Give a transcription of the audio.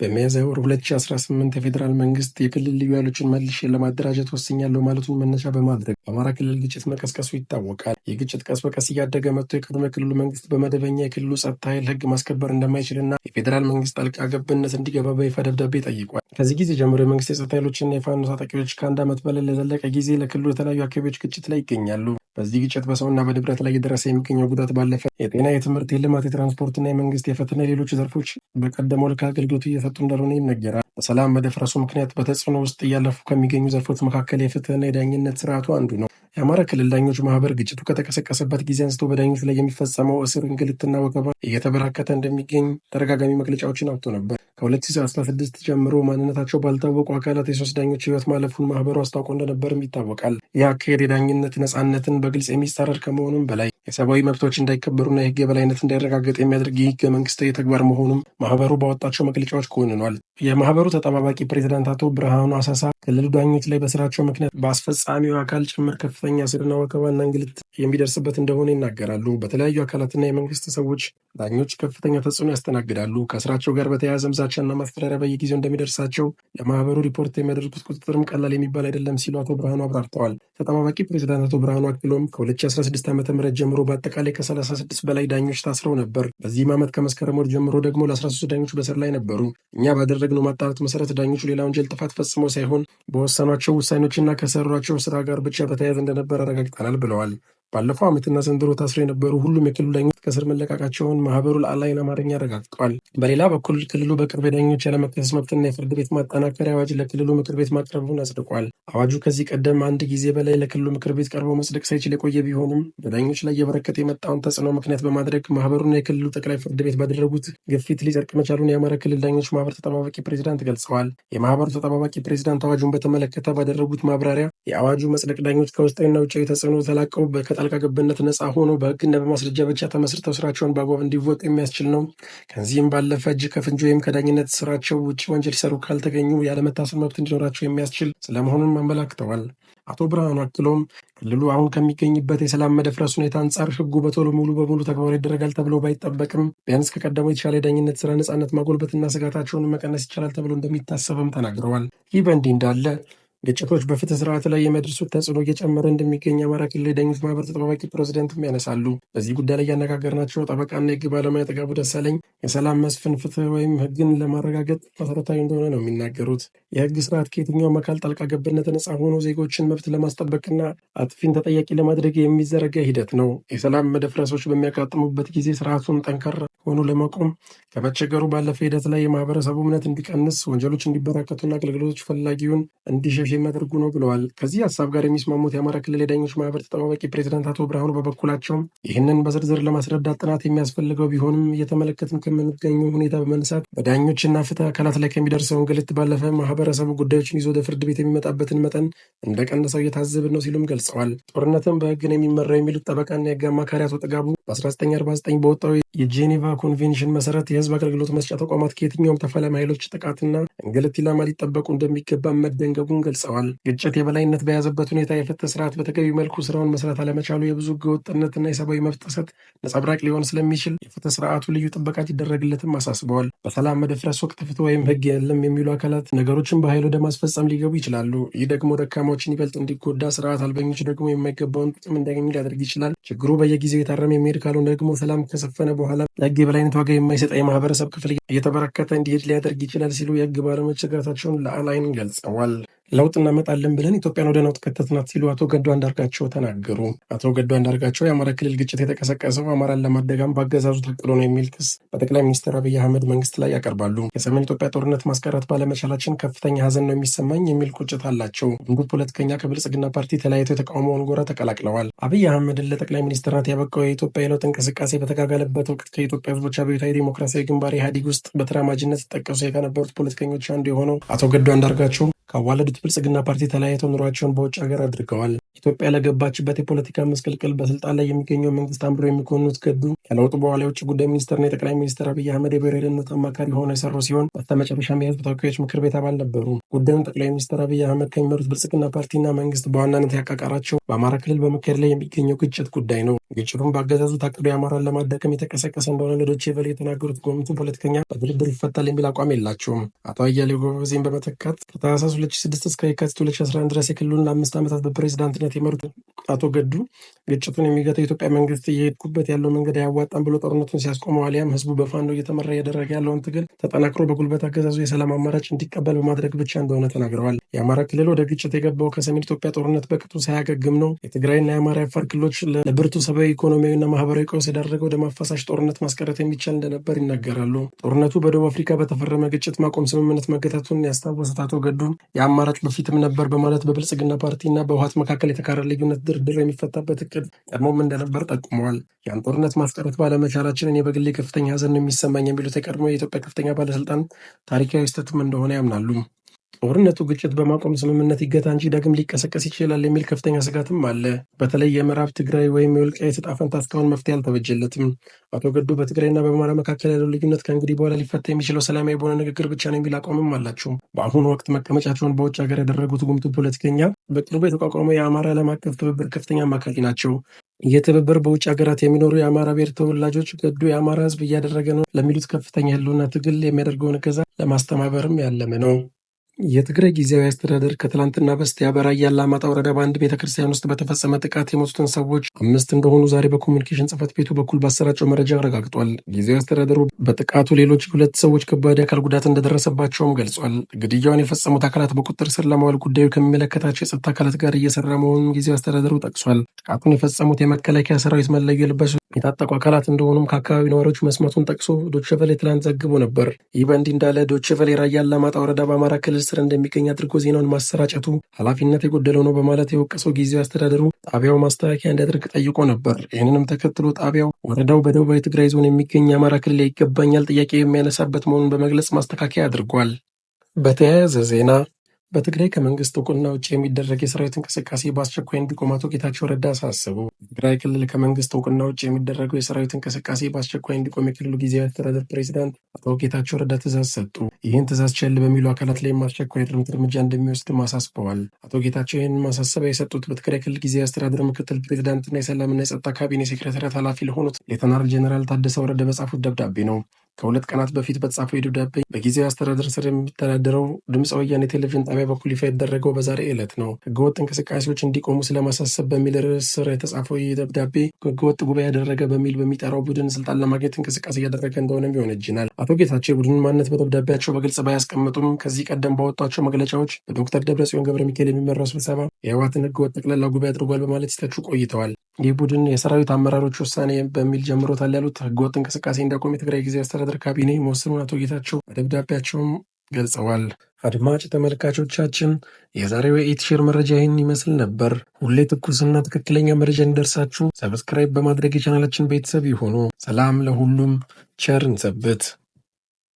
በሚያዝያ ወር 2018 የፌዴራል መንግስት የክልል ልዩ ኃይሎችን መልሼ ለማደራጀት ወስኛለሁ ማለቱን መነሻ በማድረግ በአማራ ክልል ግጭት መቀስቀሱ ይታወቃል። ይህ ግጭት ቀስ በቀስ እያደገ መጥቶ የቀድሞ የክልሉ መንግስት በመደበኛ የክልሉ ጸጥታ ኃይል ህግ ማስከበር እንደማይችልና የፌዴራል መንግስት ጣልቃ ገብነት እንዲገባ በይፋ ደብዳቤ ጠይቋል። ከዚህ ጊዜ ጀምሮ የመንግስት የጸጥታ ኃይሎችና የፋኖ ታጣቂዎች ከአንድ ዓመት በላይ ለዘለቀ ጊዜ ለክልሉ የተለያዩ አካባቢዎች ግጭት ላይ ይገኛሉ። በዚህ ግጭት በሰውና በንብረት ላይ እየደረሰ የሚገኘው ጉዳት ባለፈ የጤና፣ የትምህርት፣ የልማት፣ የትራንስፖርትና የመንግስት የፍትህና የሌሎች ዘርፎች በቀደመው ልክ አገልግሎት እየሰጡ እንዳልሆነ ይነገራል። በሰላም መደፍረሱ ምክንያት በተጽዕኖ ውስጥ እያለፉ ከሚገኙ ዘርፎች መካከል የፍትህና የዳኝነት ስርዓቱ አንዱ ነው። የአማራ ክልል ዳኞች ማህበር ግጭቱ ከተቀሰቀሰበት ጊዜ አንስቶ በዳኞች ላይ የሚፈጸመው እስር፣ እንግልትና ወከባ እየተበራከተ እንደሚገኝ ተደጋጋሚ መግለጫዎችን አውጥቶ ነበር። ከ2016 ጀምሮ ማንነታቸው ባልታወቁ አካላት የሶስት ዳኞች ህይወት ማለፉን ማህበሩ አስታውቆ እንደነበርም ይታወቃል። ይህ አካሄድ የዳኝነት ነጻነትን በግልጽ የሚጻረር ከመሆኑም በላይ የሰብአዊ መብቶች እንዳይከበሩና የህግ የበላይነት እንዳይረጋገጥ የሚያደርግ የህገ መንግስታዊ ተግባር መሆኑም ማህበሩ ባወጣቸው መግለጫዎች ኮንኗል። የማህበሩ ተጠባባቂ ፕሬዚዳንት አቶ ብርሃኑ አሳሳ ክልሉ ዳኞች ላይ በስራቸው ምክንያት በአስፈጻሚው አካል ጭምር ከፍተኛ ስርና ወከባና እንግልት የሚደርስበት እንደሆነ ይናገራሉ። በተለያዩ አካላትና የመንግስት ሰዎች ዳኞች ከፍተኛ ተጽዕኖ ያስተናግዳሉ። ከስራቸው ጋር በተያያዘ መረጃዎችና ማስፈራሪያ በየጊዜው እንደሚደርሳቸው ለማህበሩ ሪፖርት የሚያደርጉት ቁጥጥርም ቀላል የሚባል አይደለም ሲሉ አቶ ብርሃኑ አብራርተዋል። ተጠባባቂ ፕሬዚዳንት አቶ ብርሃኑ አክሎም ከ2016 ዓ ም ጀምሮ በአጠቃላይ ከ36 በላይ ዳኞች ታስረው ነበር። በዚህም ዓመት ከመስከረም ወር ጀምሮ ደግሞ ለ13 ዳኞች በስር ላይ ነበሩ። እኛ ባደረግነው ማጣራት መሰረት ዳኞቹ ሌላ ወንጀል ጥፋት ፈጽመው ሳይሆን በወሰኗቸው ውሳኔዎችና ከሰሯቸው ስራ ጋር ብቻ በተያያዘ እንደነበር አረጋግጠናል ብለዋል። ባለፈው ዓመትና ዘንድሮ ታስረው የነበሩ ሁሉም የክልሉ ዳኞች ከስር መለቃቃቸውን ማህበሩ ለአላይን አማርኛ አረጋግጧል። በሌላ በኩል ክልሉ በቅርብ ዳኞች ያለመከሰስ መብትና የፍርድ ቤት ማጠናከሪያ አዋጅ ለክልሉ ምክር ቤት ማቅረቡን አጽድቋል። አዋጁ ከዚህ ቀደም አንድ ጊዜ በላይ ለክልሉ ምክር ቤት ቀርቦ መጽደቅ ሳይችል የቆየ ቢሆንም በዳኞች ላይ እየበረከተ የመጣውን ተጽዕኖ ምክንያት በማድረግ ማህበሩና የክልሉ ጠቅላይ ፍርድ ቤት ባደረጉት ግፊት ሊጸድቅ መቻሉን የአማራ ክልል ዳኞች ማህበር ተጠባባቂ ፕሬዚዳንት ገልጸዋል። የማህበሩ ተጠባባቂ ፕሬዚዳንት አዋጁን በተመለከተ ባደረጉት ማብራሪያ የአዋጁ መጽደቅ ዳኞች ከውስጣዊና ውጫዊ ተጽዕኖ ተላቀው ከጣልቃ ገብነት ነፃ ሆኖ በህግና በማስረጃ ብቻ ተመስርተው ስራቸውን በአግባብ እንዲወጡ የሚያስችል ነው። ከዚህም ባለፈ እጅ ከፍንጅ ወይም ከዳኝነት ስራቸው ውጭ ወንጀል ሲሰሩ ካልተገኙ ያለመታሰር መብት እንዲኖራቸው የሚያስችል ስለመሆኑን አመላክተዋል። አቶ ብርሃኑ አክሎም ክልሉ አሁን ከሚገኝበት የሰላም መደፍረስ ሁኔታ አንጻር ህጉ በቶሎ ሙሉ በሙሉ ተግባራዊ ይደረጋል ተብሎ ባይጠበቅም ቢያንስ ከቀደመው የተሻለ የዳኝነት ስራ ነፃነት ማጎልበትና ስጋታቸውን መቀነስ ይቻላል ተብሎ እንደሚታሰብም ተናግረዋል። ይህ በእንዲህ እንዳለ ግጭቶች በፍትህ ስርዓት ላይ የመድረሱት ተጽዕኖ እየጨመረ እንደሚገኝ የአማራ ክልል የዳኞች ማህበር ተጠባባቂ ፕሬዚደንትም ያነሳሉ። በዚህ ጉዳይ ላይ ያነጋገርናቸው ጠበቃና የህግ ባለሙያ ጥጋቡ ደሳለኝ የሰላም መስፍን ፍትህ ወይም ህግን ለማረጋገጥ መሰረታዊ እንደሆነ ነው የሚናገሩት። የህግ ስርዓት ከየትኛውም አካል ጣልቃ ገብነት ነጻ ሆኖ ዜጎችን መብት ለማስጠበቅና አጥፊን ተጠያቂ ለማድረግ የሚዘረጋ ሂደት ነው። የሰላም መደፍረሶች በሚያጋጥሙበት ጊዜ ስርዓቱን ጠንካራ ሆኖ ለመቆም ከመቸገሩ ባለፈ ሂደት ላይ የማህበረሰቡ እምነት እንዲቀንስ፣ ወንጀሎች እንዲበራከቱና አገልግሎቶች ፈላጊውን እንዲሸሽ ተጠቃሽ የሚያደርጉ ነው ብለዋል። ከዚህ ሀሳብ ጋር የሚስማሙት የአማራ ክልል የዳኞች ማህበር ተጠባባቂ ፕሬዚዳንት አቶ ብርሃኑ በበኩላቸውም ይህንን በዝርዝር ለማስረዳት ጥናት የሚያስፈልገው ቢሆንም እየተመለከትን ከምንገኘው ሁኔታ በመነሳት በዳኞችና ፍትህ አካላት ላይ ከሚደርሰው እንግልት ባለፈ ማህበረሰቡ ጉዳዮችን ይዞ ወደ ፍርድ ቤት የሚመጣበትን መጠን እንደቀነሰው እየታዘብን ነው ሲሉም ገልጸዋል። ጦርነትም በህግን ነው የሚመራው የሚሉት ጠበቃና የህግ አማካሪ አቶ ጥጋቡ በ1949 በወጣው የጄኔቫ ኮንቬንሽን መሰረት የህዝብ አገልግሎት መስጫ ተቋማት ከየትኛውም ተፋላሚ ኃይሎች ጥቃትና እንግልት ኢላማ ሊጠበቁ እንደሚገባ መደንገቡን ገልጸዋል። ገልጸዋል። ግጭት የበላይነት በያዘበት ሁኔታ የፍትህ ስርዓት በተገቢ መልኩ ስራውን መስራት አለመቻሉ የብዙ ህገወጥነትና የሰብአዊ መብት ጥሰት ነጸብራቅ ሊሆን ስለሚችል የፍትህ ስርዓቱ ልዩ ጥበቃ ይደረግለትም አሳስበዋል። በሰላም መደፍረስ ወቅት ፍትህ ወይም ህግ የለም የሚሉ አካላት ነገሮችን በኃይል ወደ ማስፈጸም ሊገቡ ይችላሉ። ይህ ደግሞ ደካማዎችን ይበልጥ እንዲጎዳ፣ ስርዓት አልበኞች ደግሞ የማይገባውን ጥቅም እንዲያገኙ ሊያደርግ ይችላል። ችግሩ በየጊዜው የታረመ የሚሄድ ካልሆነ ደግሞ ሰላም ከሰፈነ በኋላ ለህግ የበላይነት ዋጋ የማይሰጠ የማህበረሰብ ክፍል እየተበረከተ እንዲሄድ ሊያደርግ ይችላል ሲሉ የህግ ባለሙያዎች ስጋታቸውን ለአል ገልጸዋል። ለውጥ እናመጣለን ብለን ኢትዮጵያን ወደ ነውጥ ከተትናት ሲሉ አቶ ገዱ አንዳርጋቸው ተናገሩ። አቶ ገዱ አንዳርጋቸው የአማራ ክልል ግጭት የተቀሰቀሰው አማራን ለማደጋም በአገዛዙ ታቅዶ ነው የሚል ክስ በጠቅላይ ሚኒስትር አብይ አህመድ መንግስት ላይ ያቀርባሉ። የሰሜን ኢትዮጵያ ጦርነት ማስቀረት ባለመቻላችን ከፍተኛ ሀዘን ነው የሚሰማኝ የሚል ቁጭት አላቸው። አንዱ ፖለቲከኛ ከብልጽግና ፓርቲ ተለያይቶ የተቃውሞውን ጎራ ተቀላቅለዋል። አብይ አህመድን ለጠቅላይ ሚኒስትርነት ያበቃው የኢትዮጵያ የለውጥ እንቅስቃሴ በተጋጋለበት ወቅት ከኢትዮጵያ ህዝቦች አብዮታዊ ዲሞክራሲያዊ ግንባር ኢህአዲግ ውስጥ በተራማጅነት ሲጠቀሱ የተነበሩት ፖለቲከኞች አንዱ የሆነው አቶ ገዱ አንዳርጋቸው ካዋለዱት ብልጽግና ፓርቲ ተለያይተው ኑሯቸውን በውጭ ሀገር አድርገዋል። ኢትዮጵያ ለገባችበት የፖለቲካ መስቀልቅል በስልጣን ላይ የሚገኘው መንግስት አምሮ የሚኮኑት ገዱ ከለውጡ በኋላ የውጭ ጉዳይ ሚኒስትርና የጠቅላይ ሚኒስትር አብይ አህመድ የብሔራዊ ደህንነት አማካሪ ሆነው የሰሩ ሲሆን በስተመጨረሻም የህዝብ ተወካዮች ምክር ቤት አባል ነበሩ። ጉዳዩን ጠቅላይ ሚኒስትር አብይ አህመድ ከሚመሩት ብልጽግና ፓርቲና መንግስት በዋናነት ያቃቃራቸው በአማራ ክልል በመካሄድ ላይ የሚገኘው ግጭት ጉዳይ ነው። ግጭቱም በአገዛዙ ታቅዶ የአማራን ለማዳከም የተቀሰቀሰ እንደሆነ ለዶቼ ቬለ የተናገሩት ጎምቱ ፖለቲከኛ በድርድር ይፈታል የሚል አቋም የላቸውም። አቶ አያሌው ጎበዜን በመተካት ከታህሳስ 2006 እስከ የካቲት 2011 ድረስ የክልሉን ለአምስት ዓመታት በፕሬዚዳንትነት የመሩት አቶ ገዱ ግጭቱን የሚገታው የኢትዮጵያ መንግስት እየሄድኩበት ያለው መንገድ አያዋ አያዋጣም ብሎ ጦርነቱን ሲያስቆም ዋሊያም ህዝቡ በፋኖ እየተመራ እያደረገ ያለውን ትግል ተጠናክሮ በጉልበት አገዛዙ የሰላም አማራጭ እንዲቀበል በማድረግ ብቻ እንደሆነ ተናግረዋል። የአማራ ክልል ወደ ግጭት የገባው ከሰሜን ኢትዮጵያ ጦርነት በቅጡ ሳያገግም ነው። የትግራይና የአማራ አፋር ክልሎች ለብርቱ ሰብአዊ፣ ኢኮኖሚያዊና ማህበራዊ ቀውስ የዳረገው ደም አፋሳሽ ጦርነት ማስቀረት የሚቻል እንደነበር ይናገራሉ። ጦርነቱ በደቡብ አፍሪካ በተፈረመ ግጭት ማቆም ስምምነት መገታቱን ያስታወሱት አቶ የአማራጭ በፊትም ነበር በማለት በብልጽግና ፓርቲና በውሀት መካከል የተካረ ልዩነት ድርድር የሚፈታበት እቅድ ቀድሞም እንደነበር ጠቁመዋል። ያን ጦርነት ማስቀረት ማስመልከት ባለመቻላችን እኔ በግሌ ከፍተኛ ሀዘን ነው የሚሰማኝ የሚሉት የቀድሞ የኢትዮጵያ ከፍተኛ ባለስልጣን ታሪካዊ ስህተትም እንደሆነ ያምናሉ። ጦርነቱ ግጭት በማቆም ስምምነት ይገታ እንጂ ዳግም ሊቀሰቀስ ይችላል የሚል ከፍተኛ ስጋትም አለ። በተለይ የምዕራብ ትግራይ ወይም የወልቃይት ዕጣ ፈንታ እስካሁን መፍትሄ አልተበጀለትም። አቶ ገዱ በትግራይና በአማራ መካከል ያለው ልዩነት ከእንግዲህ በኋላ ሊፈታ የሚችለው ሰላማዊ በሆነ ንግግር ብቻ ነው የሚል አቋምም አላቸው። በአሁኑ ወቅት መቀመጫቸውን በውጭ ሀገር ያደረጉት ጉምቱ ፖለቲከኛ በቅርቡ የተቋቋመው የአማራ ዓለም አቀፍ ትብብር ከፍተኛ አማካሪ ናቸው። ይህ ትብብር በውጭ ሀገራት የሚኖሩ የአማራ ብሔር ተወላጆች ገዱ የአማራ ህዝብ እያደረገ ነው ለሚሉት ከፍተኛ ያለውና ትግል የሚያደርገውን እገዛ ለማስተማበርም ያለመ ነው። የትግራይ ጊዜያዊ አስተዳደር ከትላንትና በስቲያ በራያ አላማጣ ወረዳ በአንድ ቤተ ክርስቲያን ውስጥ በተፈጸመ ጥቃት የሞቱትን ሰዎች አምስት እንደሆኑ ዛሬ በኮሚኒኬሽን ጽህፈት ቤቱ በኩል ባሰራጨው መረጃ አረጋግጧል። ጊዜያዊ አስተዳደሩ በጥቃቱ ሌሎች ሁለት ሰዎች ከባድ አካል ጉዳት እንደደረሰባቸውም ገልጿል። ግድያውን የፈጸሙት አካላት በቁጥጥር ስር ለማዋል ጉዳዩ ከሚመለከታቸው የጸጥታ አካላት ጋር እየሰራ መሆኑን ጊዜያዊ አስተዳደሩ ጠቅሷል። ጥቃቱን የፈጸሙት የመከላከያ ሰራዊት መለዩ የለበሱ የታጠቁ አካላት እንደሆኑም ከአካባቢ ነዋሪዎች መስማቱን ጠቅሶ ዶችቨሌ ትላንት ዘግቦ ነበር። ይህ በእንዲህ እንዳለ ዶችቨሌ ራያ አላማጣ ወረዳ በአማራ ክልል ስር እንደሚገኝ አድርጎ ዜናውን ማሰራጨቱ ኃላፊነት የጎደለው ነው በማለት የወቀሰው ጊዜያዊ አስተዳደሩ ጣቢያው ማስተካከያ እንዲያደርግ ጠይቆ ነበር። ይህንንም ተከትሎ ጣቢያው ወረዳው በደቡባዊ ትግራይ ዞን የሚገኝ የአማራ ክልል ይገባኛል ጥያቄ የሚያነሳበት መሆኑን በመግለጽ ማስተካከያ አድርጓል። በተያያዘ ዜና በትግራይ ከመንግስት እውቅና ውጭ የሚደረግ የሰራዊት እንቅስቃሴ በአስቸኳይ እንዲቆም አቶ ጌታቸው ረዳ አሳስቡ በትግራይ ክልል ከመንግስት እውቅና ውጭ የሚደረገው የሰራዊት እንቅስቃሴ በአስቸኳይ እንዲቆም የክልሉ ጊዜያዊ አስተዳደር ፕሬዚዳንት አቶ ጌታቸው ረዳ ትእዛዝ ሰጡ። ይህን ትእዛዝ ቸል በሚሉ አካላት ላይ አስቸኳይ እርምት እርምጃ እንደሚወስድ አሳስበዋል። አቶ ጌታቸው ይህን ማሳሰቢያ የሰጡት በትግራይ ክልል ጊዜያዊ አስተዳደር ምክትል ፕሬዚዳንትና የሰላምና የጸጥታ ካቢኔ ሴክሬታሪያት ኃላፊ ለሆኑት ሌተናል ጄኔራል ታደሰ ወረደ በጻፉት ደብዳቤ ነው። ከሁለት ቀናት በፊት በተጻፈው የደብዳቤ በጊዜያዊ አስተዳደር ስር የሚተዳደረው ድምፅ ወያኔ ቴሌቪዥን ጣቢያ በኩል ይፋ የተደረገው በዛሬ ዕለት ነው። ህገወጥ እንቅስቃሴዎች እንዲቆሙ ስለማሳሰብ በሚል ርዕስ ስር የተጻፈው የደብዳቤ ደብዳቤ ህገወጥ ጉባኤ ያደረገ በሚል በሚጠራው ቡድን ስልጣን ለማግኘት እንቅስቃሴ እያደረገ እንደሆነም ይወነጅናል። አቶ ጌታቸው የቡድኑን ማንነት በደብዳቤያቸው በግልጽ ባያስቀምጡም ከዚህ ቀደም ባወጧቸው መግለጫዎች በዶክተር ደብረጽዮን ገብረ ሚካኤል የሚመራው ስብሰባ የህወሓትን ህገወጥ ጠቅላላ ጉባኤ አድርጓል በማለት ሲተቹ ቆይተዋል። ይህ ቡድን የሰራዊት አመራሮች ውሳኔ በሚል ጀምሮታል ያሉት ህገወጥ እንቅስቃሴ እንዳቆም የትግራይ ጊዜ አስተዳደር ካቢኔ መወሰኑን አቶ ጌታቸው በደብዳቤያቸውም ገልጸዋል። አድማጭ ተመልካቾቻችን የዛሬው የኢትሼር መረጃ ይህን ይመስል ነበር። ሁሌ ትኩስና ትክክለኛ መረጃ እንዲደርሳችሁ ሰብስክራይብ በማድረግ የቻናላችን ቤተሰብ ይሁኑ። ሰላም ለሁሉም፣ ቸር እንሰንብት።